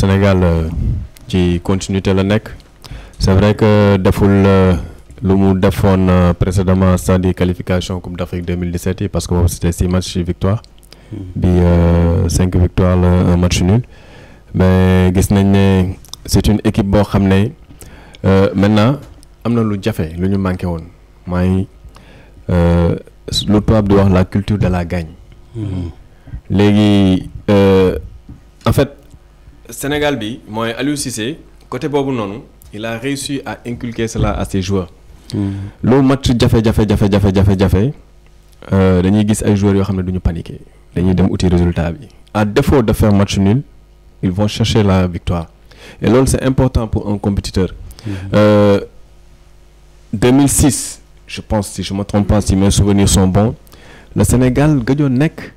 Sénégal euh, continue de le nec. c'est vrai que le euh, lu mu euh, précédemment sans des qualification Coupe d'Afrique 2017 parce que c'était six matchs victoire puis hmm. cinq victoires un match nul mais c'est une équipe qui a euh, maintenant nous avons lu jafe lu ñu manqué un, la culture de la gagne hmm. Sénégal bi moi Aliou Cissé côté Bobo il a réussi à inculquer cela à ses joueurs. Hmm. Le match jafe fait, jafe-jafe fait. jafe euh, dañuy gis ay joueurs ils xam ne paniquer. dañuy dem résultat bi à défaut de faire match nul ils vont chercher la victoire et c'est important pour un compétiteur. 2006 hmm. euh, je pense si je ne me trompe pas si mes souvenirs sont bons le Sénégal Gadio Nek,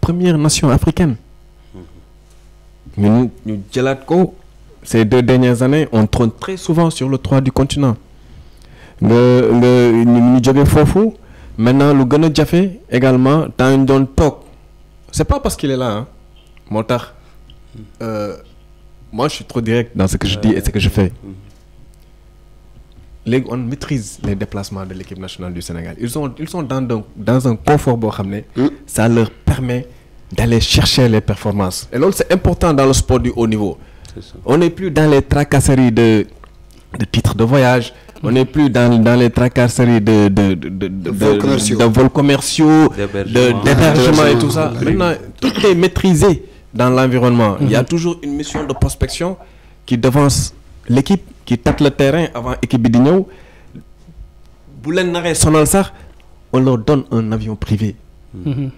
première nation africaine. Mais nous, ces deux dernières années on trône très souvent sur le toit du continent Le, ñu maintenant le Gane a également dans une donne c'est pas parce qu'il est là hein, euh, moi je suis trop direct dans ce que je dis et ce que je fais les on maîtrise les déplacements de l'équipe nationale du Sénégal ils sont ils sont dans un dans un confort pour ramener mmh. ça leur permet d'aller chercher les performances. Et donc c'est important dans le sport du haut niveau. On n'est plus dans les tracasseries de, de titres de voyage, on n'est plus dans, dans, les tracasseries de, de, de, de vols commerciaux, d'hébergement et tout ça. Maintenant, tout est maîtrisé dans l'environnement. Il y a toujours une mission de prospection qui devance l'équipe, qui tâte le terrain avant l'équipe de Nare, Boulen Sar. on leur donne un avion privé. Mm-hmm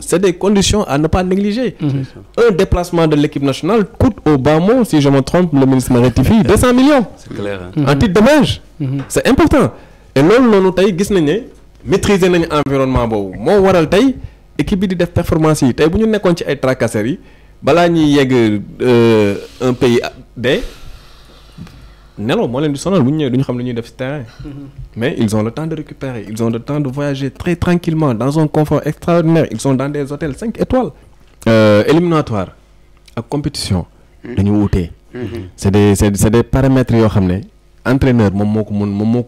c'est des conditions à ne pas négliger. Mm-hmm. un déplacement de l'équipe nationale coûte au bas mot si je me trompe le ministre me rectifie 200 millions. Hein. c'est clair hein. en mm-hmm. titre dommage. Mm-hmm. c'est important et nous noonu tey gis nañ ne maîtriser l'environnement environnement boobu moo waral tey équipe di def performance yi tey bu ñu ci ay tracasseries euh, un pays Mhm. mais ils ont le temps de récupérer ils ont le temps de voyager très tranquillement dans un confort extraordinaire ils sont dans des hôtels 5 étoiles euh, éliminatoire à compétition mhm. de mhm. c'est des c'est, des paramètres entraîneur moom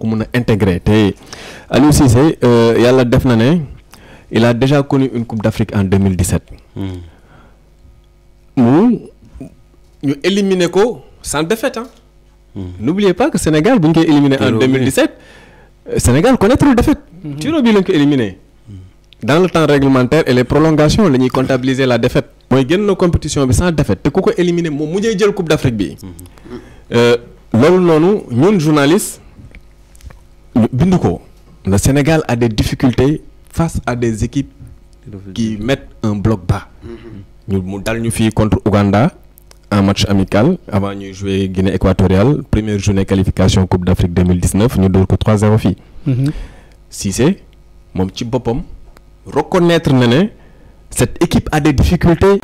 euh, il a déjà connu une coupe d'Afrique en 2017 Nous, nous éliminer sans défaite hein. Hmm. n'oubliez pas que Sénégal si ñu éliminé en 2017 euh, Sénégal connaît la défaite tu hmm. bii lañ ko éliminé hmm. dans le temps réglementaire et les prolongations la ñuy comptabiliser la défaite mooy génn une compétition sans défaite te ku ko éliminé moom mu déjà jël coupe d'Afrique bi euh, les nous ñun journaliste le Sénégal a des difficultés face à des équipes qui mettent un bloc bas ñu mu dal ñu contre Ouganda un match amical avant de jouer Guinée équatoriale première journée qualification Coupe d'Afrique 2019 Nous dóor 3-0 Si c'est mon petit popom, reconnaître cette équipe a des difficultés.